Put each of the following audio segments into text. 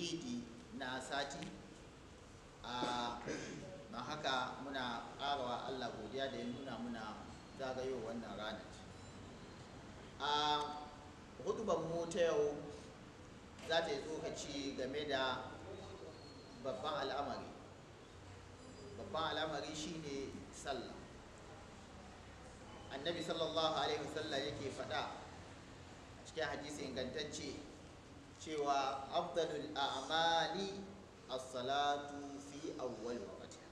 idi na sati a haka muna ƙarawa allah godiya da ya nuna muna zagayo wannan ranar a hudubar mu ta yau za ta yi tsokaci game da babban al'amari babban al'amari shine sallah annabi sallallahu alaihi wasallam yake faɗa cikin hadisi ingantacce cewa afdalul a'mali as-salatu fi awwal waqtiha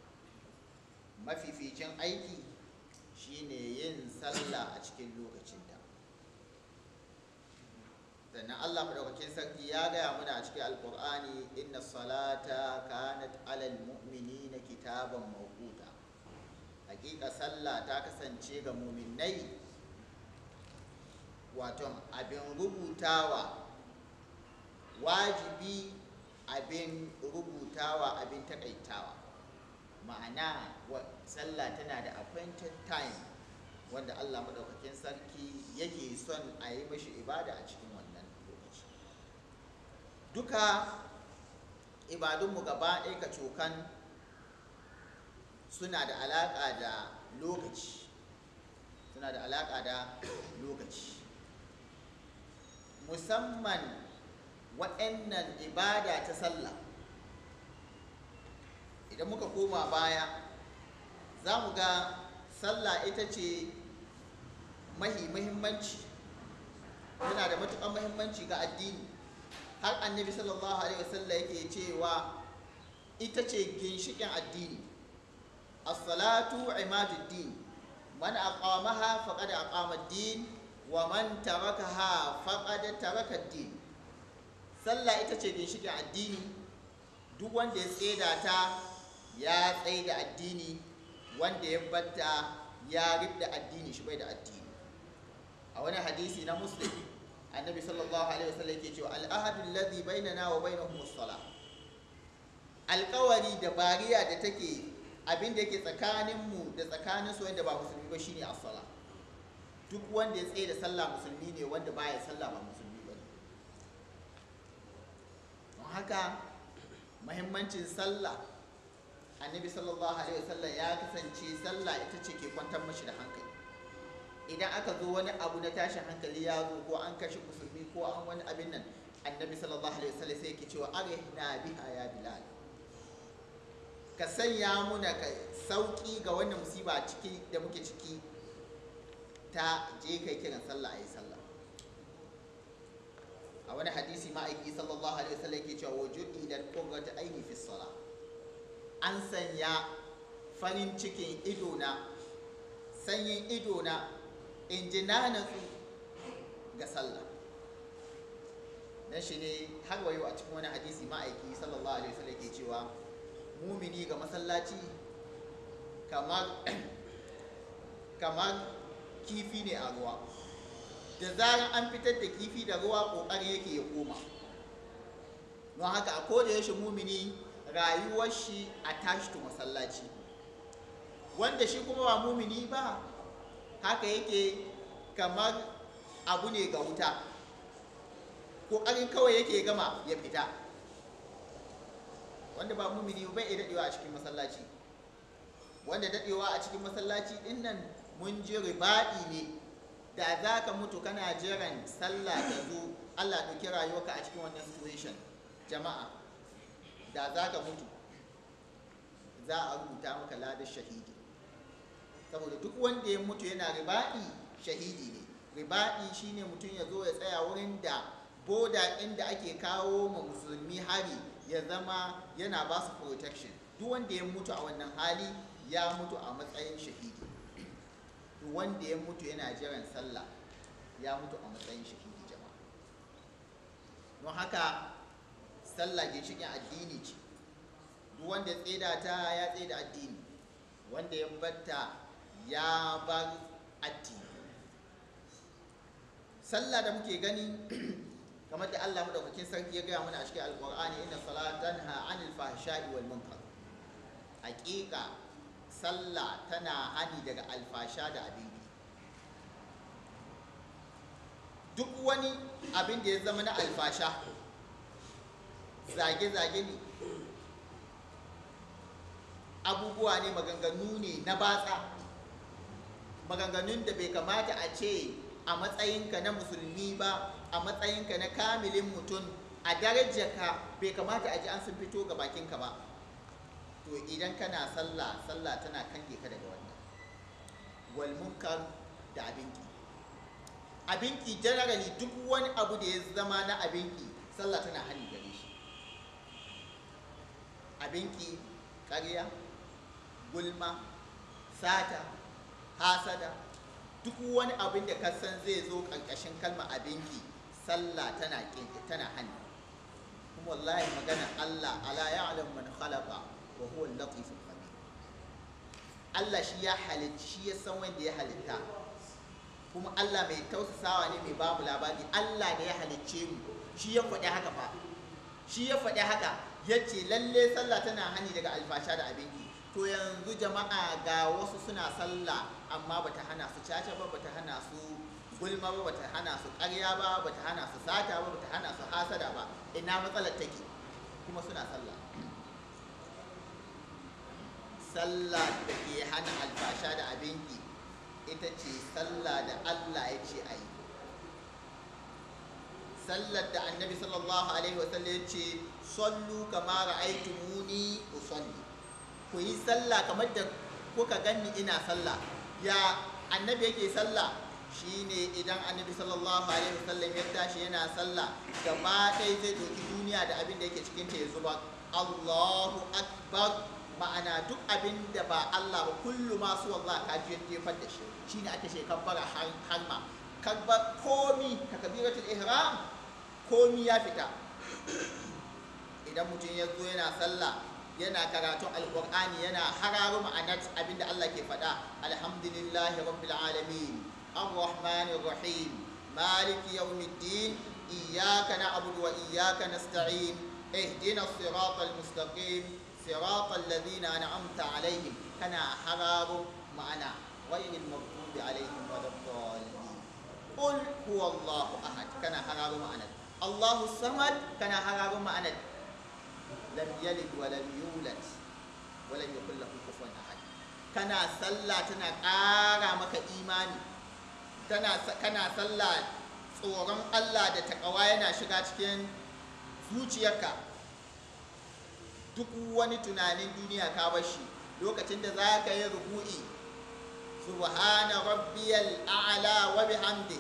mafificin aiki shine yin sallah a cikin lokacin da sannan Allah madaukakin sarki ya gaya muna a cikin alkur'ani inna salata kanat alal mu'minina kitaban mawquta hakika sallah ta kasance ga mu'minai wato abin rubutawa wajibi abin rubutawa abin takaitawa ma'ana sallah tana da appointed time wanda Allah maɗaukakin sarki yake son a yi mashi ibada a cikin wannan lokaci duka ibadunmu gaba ɗaya ka cokan suna da alaƙa da lokaci suna da alaƙa da lokaci musamman Waɗannan ibada ta sallah idan muka koma baya za mu ga sallah ita ce mahi muhimmanci tana da matuƙar muhimmanci ga addini har annabi sallallahu alaihi wasallam yake cewa ita ce ginshiƙin addini as-salatu imaduddin man aqamaha faqad aqama ad-din wa man tarakaha faqad taraka ad-din sallah ita ce ginshikin addini duk wanda ya tseda ta ya da addini wanda ya batta ya ribda addini shi bai da addini a wani hadisi na muslim annabi sallallahu alaihi wasallam yake cewa al'ahadu alladhi bainana wa bainahum as-salah alƙawari da bariya da take abin da yake tsakanin mu da tsakanin su wanda ba musulmi ba shine as-salah duk wanda ya tsaye da sallah musulmi ne wanda baya sallah ba musulmi haka mahimmancin sallah annabi sallallahu alaihi wasallam ya kasance sallah ita ce ke kwantar mashi da hankali idan aka zo wani abu na tashin hankali ya zo ko an kashe musulmi ko an wani abin nan annabi sallallahu alaihi wasallam sai yake cewa arihna biha ya bilal ka sanya muna ka sauki ga wannan musiba ciki da muke ciki ta je kai kiran sallah ayi sallah a wani hadisi ma'aiki sallallahu alaihi wasallam yake cewa idan da ta aini fi salah an sanya farin cikin ido na sanyin ido na in ji na natsu ga sallah dan shi ne har wayo a cikin wani hadisi ma'aiki sallallahu alaihi wasallam yake cewa mumini ga masallaci kamar kamar kifi ne a ruwa da zarar an fitar da kifi da ruwa ƙoƙari yake ya koma don haka a koda yaushe mumini rayuwar shi a tashi to masallaci wanda shi kuma ba mumini ba haka yake kamar abu ne ga wuta ƙoƙarin kawai yake gama ya fita wanda ba mumini ba ya daɗewa a cikin masallaci wanda daɗewa a cikin masallaci ɗin nan mun ji ribaɗi ne da za ka mutu kana jiran sallah da zo allah ɗauki rayuwarka a cikin wannan situation jama'a da za ka mutu za a rubuta maka ladar shahidi saboda duk wanda ya mutu yana ribaɗi shahidi ne ribaɗi shine mutum ya zo ya tsaya wurin da boda inda ake kawo ma musulmi hari ya zama yana ba su protection duk wanda ya mutu a wannan hali ya mutu a matsayin shahidi to wanda ya mutu yana jiran sallah ya mutu a matsayin shahidi jama'a don haka sallah ginshiƙin addini ce duk wanda ya tseda ta ya tseda addini wanda ya batta ya bar addini sallah da muke gani kamar da Allah madaukakin sarki ya gaya mana a cikin alqur'ani inna salatan ha anil fahsha'i wal munkar haqiqa sallah tana hani daga alfasha da abin duk wani abin da ya zama na alfasha zage-zage ne abubuwa ne maganganu ne na batsa maganganun da bai kamata a ce a matsayinka na musulmi ba a matsayinka na kamilin mutum a darajarka bai kamata a ji an sun fito ga bakinka ba to idan kana sallah sallah tana kange ka daga wannan wal munkar da abinki abinki generally duk wani abu da ya zama na abinki sallah tana hali gare shi abinki ƙarya gulma sata hasada duk wani abin da ka san zai zo ƙarƙashin kalma abinki sallah tana kinki tana hali kuma wallahi magana Allah ala ya'lamu man khalaqa wa huwa latiful khabir Allah shi ya halitta shi ya san wanda ya halitta kuma Allah mai tausasawa ne mai babu labari Allah da ya halicce mu shi ya faɗi haka fa shi ya faɗi haka yace lalle sallah tana hani daga alfasha da abinki to yanzu jama'a ga wasu suna sallah amma bata hana su caca ba bata hana su gulma ba bata hana su ƙarya ba bata hana su sata ba bata hana su hasada ba ina matsalar take kuma suna sallah sallah da ke hana alfasha da abinki ita ce sallah da Allah ya ce a yi sallar da annabi sallallahu alaihi wasallam ya ce sallu kamar aiki muni usalli ku yi sallah kamar da kuka ganni ina sallah ya annabi yake sallah shine idan annabi sallallahu alaihi wasallam ya tashi yana sallah gaba ɗaya zai ɗauki duniya da abin da yake cikin ta ya zuba Allahu akbar ma'ana duk abin da ba Allah ba kullu ma su wallah ka yadda ya fadda shi ne ake ce fara harma kabbar komi takbiratul ihram komi ya fita idan mutum ya zo yana sallah yana karatun alkur'ani yana hararo ma'anar abinda Allah ke faɗa alhamdulillahi rabbil alamin arrahmanir rahim maliki yawmiddin iyyaka na'budu wa na nasta'in ihdina as-siratal mustaqim صراط الذين أنعمت عليهم كنا حرار معنا غير المغضوب عليهم ولا الضالين قل هو الله أحد كنا حرار معنا الله الصمد كنا حرار معنا لم يلد ولم يولد ولم يكن له كفوا أحد كنا صلى تنا قارا مك إيماني تنا كنا صلى tsoron Allah da takawa yana shiga cikin zuciyarka duk wani tunanin duniya ka bar shi lokacin da za ka yi rubu'i subhana rabbiyal a'la wa bihamdi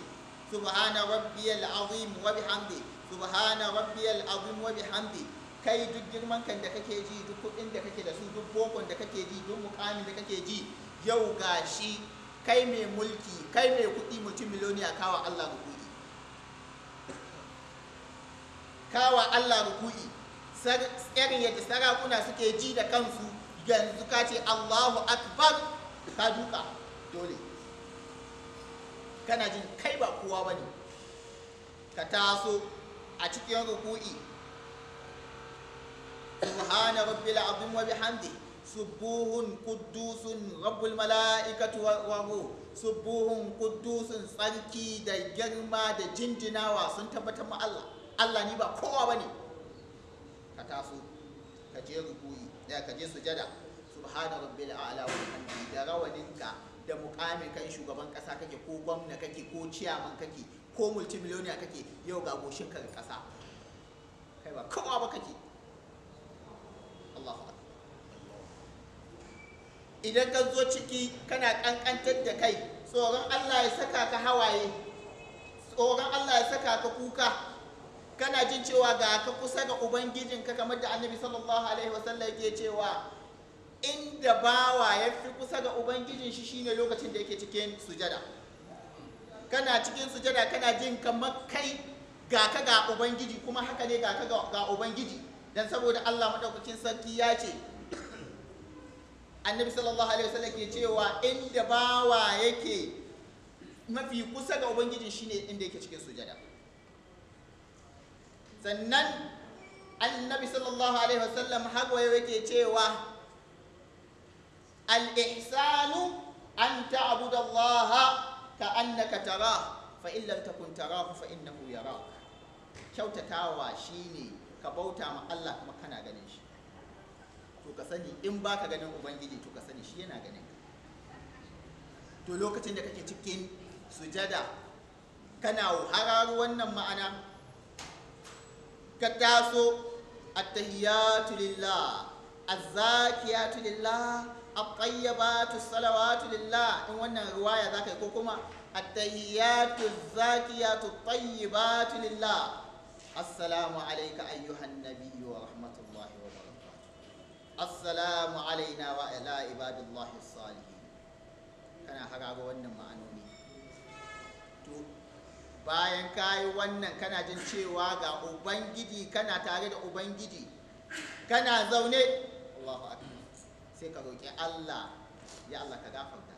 subhana rabbiyal azim wa bihamdi subhana rabbiyal azim wa bihamdi kai duk girman kan da kake ji duk kudin da kake da su duk bokon da kake ji duk mukamin da kake ji yau gashi kai mai mulki kai mai kudi mutum miliyoniya kawa Allah ruku'i kawa Allah ruku'i tsarin yadda sarakuna suke ji da kansu yanzu ka ce allahu akbar ka duka dole kana jin kai ba kowa ba ne ka taso a cikin ruku'i subhana rabbil azim wa bihamdi subuhun kuddusun rabbul mala'ikatu wa subuhun kuddusun tsarki da girma da jinjinawa sun tabbatar ma Allah ni ba kowa bane ka taso ka je rukuyi da eh, ka je sujada subhana rabbil a'la wa bihamdi da rawaninka da mukamin kan shugaban kasa kake ko gwamna kake ko ciyaman kake ko multimiliyoniya kake yau ga goshin kan kasa kai ba kowa ba kake Allahu idan ka zo ciki kana kankantar da kai tsoron Allah ya saka ka hawaye tsoron Allah ya saka ka kuka kana jin cewa ga ka kusa ga ubangijinka kamar da annabi sallallahu alaihi wasallam ke cewa inda bawa ya fi kusa ga ubangijin shi shine lokacin da yake cikin sujada kana cikin sujada kana jin kamar kai ga ka ga ubangiji kuma haka ne ga ka ga ubangiji dan saboda Allah madaukakin sarki ya ce annabi sallallahu alaihi wasallam ke cewa inda bawa yake mafi kusa ga ubangijin shine inda yake cikin sujada sannan annabi sallallahu alaihi wasallam hagwa yake cewa al-ihsanu an ta'budu Allah ka'annaka tara fa in lam takun tarahu fa innahu yarak kyautatawa shine ka bauta ma Allah kuma kana ganin shi to ka sani in baka ganin ubangiji to ka sani shi yana ganin ka to lokacin da kake cikin sujada kana hararu wannan ma'ana Ka taso attahiyatu in wannan riwaya zaka yi ko kuma attahiyatu zakiyatu tayyibatu lillah assalamu ayyuhan nabiyyu wa rahmatullahi wa barakatuh assalamu wa ala ibadillahi salihin kana haraga wannan ma'ana bayan ka yi wannan kana jin cewa ga ubangiji kana tare da ubangiji kana zaune Allahu akbar sai ka roƙi Allah ya Allah ka gafarta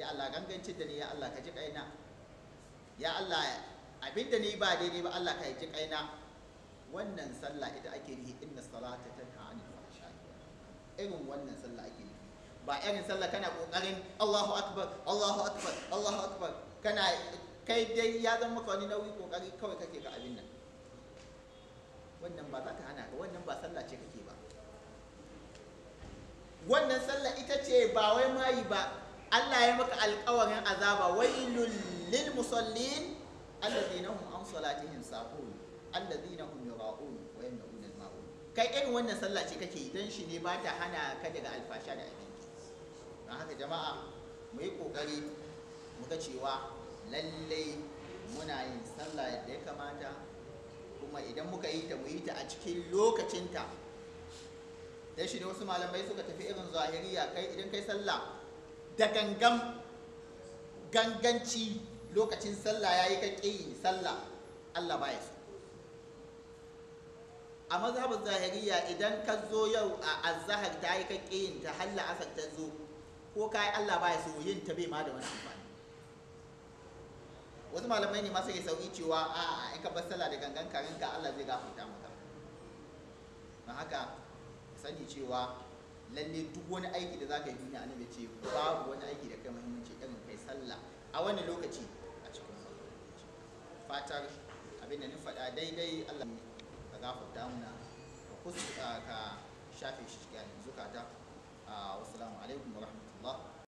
ya Allah gangancin da ni ya Allah ka ji kaina ya Allah abinda ni ba daidai ba Allah ka ji kaina wannan sallah ita ake yi inna salata ta anil fahsha'i irin wannan sallah ake yi. ba irin sallah kana kokarin Allahu akbar Allahu akbar Allahu akbar kana kai dai ya zama maka wani nauyi kokari kawai kake ga abin nan wannan ba za ka hana ka wannan ba sallah ce kake ba wannan sallah ita ce ba wai mayi ba Allah ya maka alƙawarin azaba wailul lil musallin alladhina hum an salatihim sahun alladhina hum yura'un wa yamna'un al ma'un kai irin wannan sallah ce kake dan shi ne ba ta hana ka daga alfasha da abinci don haka jama'a mu yi kokari mu ga cewa lallai muna yin sallah yadda ya kamata kuma idan muka yi ta mu yi ta a cikin lokacinta da shi ne wasu malamai suka tafi irin zahiriya kai idan kai sallah da gangan ganganci lokacin sallah ya yi ke yi sallah Allah ba ya so a mazhabin zahiriya idan ka zo yau a azahar ta yi ke yin ta halla asar ta zo ko ka yi Allah ba ya so yin ta bai ma da wani amfani wasu malamai ne masu yi sauki cewa a in ka bar sallah da gangan karin ga Allah zai gafarta maka don haka sani cewa lalle duk wani aiki da zaka yi duniya a annabi ce babu wani aiki da kai muhimmanci irin kai sallah a wani lokaci a cikin fatar abin da ni faɗa daidai Allah ka gafarta mana ka kusa ka shafe shi cikin zukata ah, assalamu alaikum wa rahmatullah